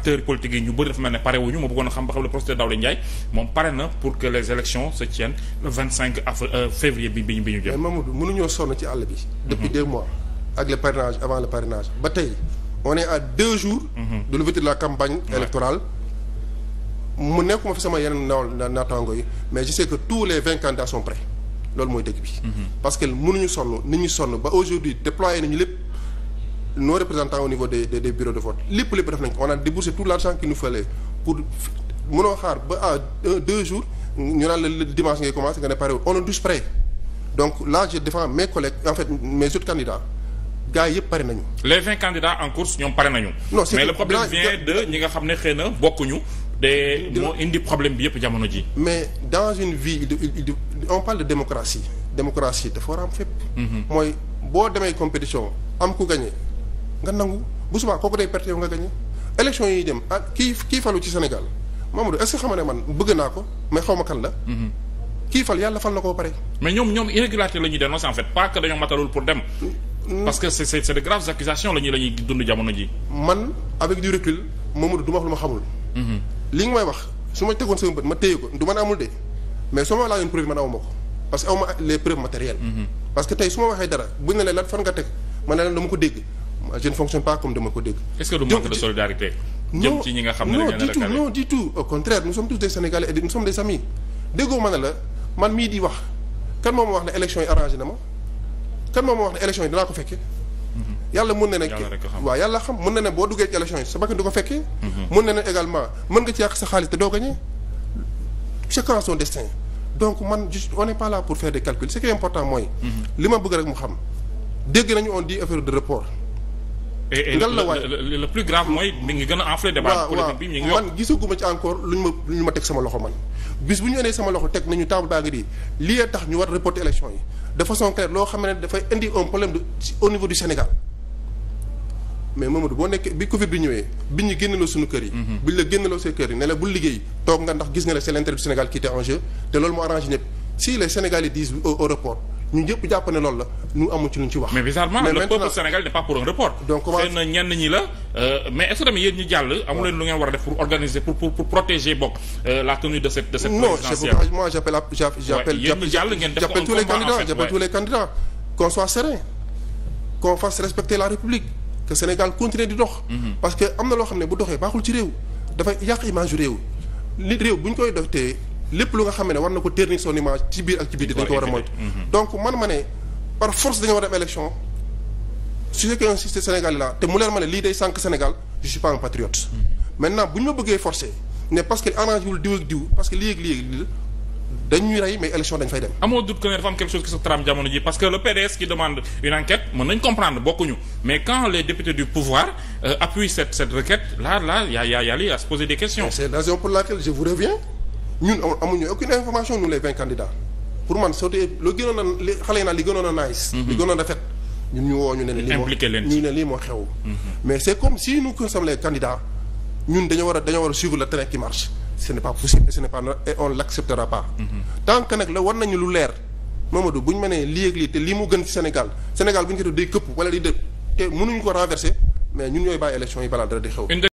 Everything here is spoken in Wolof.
acteurs politiques yi ñu bëri dafa mel ne pare wuñu ma a xam ba xam le professeur Daouda Ndiaye moom pare na pour que les élections se le vingt cinq euh, février bi bi bi ñu jëm. mais Mamadou mënuñoo sonn ci àll bi. depuis mm-hmm. deux mois ak le parrainage avant le parrainage ba tey on est deux jours. Mm-hmm. de l'ouverture campagne électorale. mu nekkuma fi sama yeneen na naataango yi mais je sais que tous les vingt candidats sont prêts loolu mooy dëgg bi. Mm-hmm. parce que mënuñu sonn ni ñu sonn ba aujourd'hui déployé nañu lépp. nos représentants au niveau des des, des bureaux de vote lépp lépp def nañ on a déboursé tout l' argent qu'il nous pour mënoo xaar ba à deux jours ñu naan la dimanche ngay commencé nga ne pare on est tous prêts donc là je mes collègues en fait mes autres candidats gars yëpp pare nañu. les vingt candidats en course ñoom pare nañu. non mais le problème de ñi nga xam ne xëy na bokkuñu. de moo indi problème bi yëpp jamono ji. mais dans une vie on parle de démocratie démocratie fépp. Mhm. mooy boo demee compétition am ku gagné. nga nangu bu subaa kooku day perte yow nga gagné élection yi dem ah kii kii falu ci Sénégal Mamadou est-ce que xam bëgg naa ko mais xaw ma kan la. Mhm. kii fal yàlla fal na ko ba ñoom ñoom irrégularité la ñuy dañoo matalul pour dem. Mm. parce que c'est c'est de graves accusations la ñuy la ñuy dund jamono ji. man avec du recul Mamadou du ma wax lu ma xamul. Mhm. li nga may wax su ma tegoon sama bët ma téye ko du man amul de mais soo ma laajoon preuve man awma ko parce que awma les preuves matérielles. Mhm. parce que tey su ma waxee dara buñ ne nga teg ma ne la ko dégg. je ne fonctionne pas comme dama ko dégg. est-ce que du tout au contraire nous sommes tous des Sénégalais et nous sommes des amis déggoo ma ne la man mii di wax kan moom wax ne élection yi arrangé na ma kan moom wax ne élection yi dinaa ko fekkee. Mhm. yàlla mën na ne waaw yàlla xam mën na ne boo duggee ci élection yi sa bakkan du ko fekkee. mën mhm. na ne également mën nga ci yàq sa xaalis te doo gagné chacun son destin. donc man juste on n'est pour faire des calculs ce qui est important mooy. Mhm. li ma bëgg rek mu xam dégg nañu on dit ngal la waay le plus grave mooy mi ngi gën a enflé débat politique bi mi ngi yokk man gisaguma ci encore ma luñ ma teg loxo teg nañu table baa ngi di lii tax ñu war reporter élection yi de façon claire loo xam ne dafay indi un problème de au niveau du Sénégal mais Mamadou boo nekkee bi Covid bi ñëwee bi ñu génneloo suñu kër yi mhm. bi ñu la génneloo seen kër yi ne la bul liggéey toog nga ndax gis nga ne c'est l'intérêt du Sénégal qui était te loolu moo arrangé ñëpp si les Sénégalais disent au report ñu ñëpp jàpp ne loolu la ñu amul ci luñ ci wax. mais bizarrement le peuple Sénégal n'est pas pour un report. donc comment ñenn ñi la euh, mais est-ce que tamit yéen jàll. amu lu ngeen war a def pour organiser pour pour pour protéger bokk euh, la tenue de cette def ko tous les candidats j'appelle soit serein qu'on fasse respecter la République que Sénégal continue di dox. Mm-hmm. parce que am na loo xam ne bu doxee baaxul ci réew dafay yàq image réew li réew bu ñu koy dox te lépp lu nga xam ne war na ko ternir son image ci biir ak ci biir dañ ko war a moytu mhm. donc man ma ne par force dañu war a dem élection su fekkee un système sénégalais la te mu leer ma ne lii day sànq Sénégal je suis pas un patriote mhm. maintenant bu ñu ma bëggee forcer ne parce que arrange wul diw ak diw parce que lii ak lii ak dañuy rey mais élection dañ fay dem. amoo doute que ne dafa quelque chose qui se trame jamono ji parce que le PDS qui demande une enquête ñun amuñu aucune information nous les vingt candidats pour man sauté lu gënoon a li li gënoon a nice li mhm. gënoon a rafet ñun ñu woo ñu ne lii impliqué leen lii moo xew mhm. mais c'est comme si nous sommes les candidats ñun dañoo war a dañoo war a suivre le train qui marche ce n'est pas possible ce n'est pas et on l'acceptera pas mhm. tant nag la war nañu lu leer Mamadou bu ñu mënee lii ak lii te lii mu gën ci Sénégal Sénégal bu ñu ko day këpp wala di dëpp te mënuñu ko renverser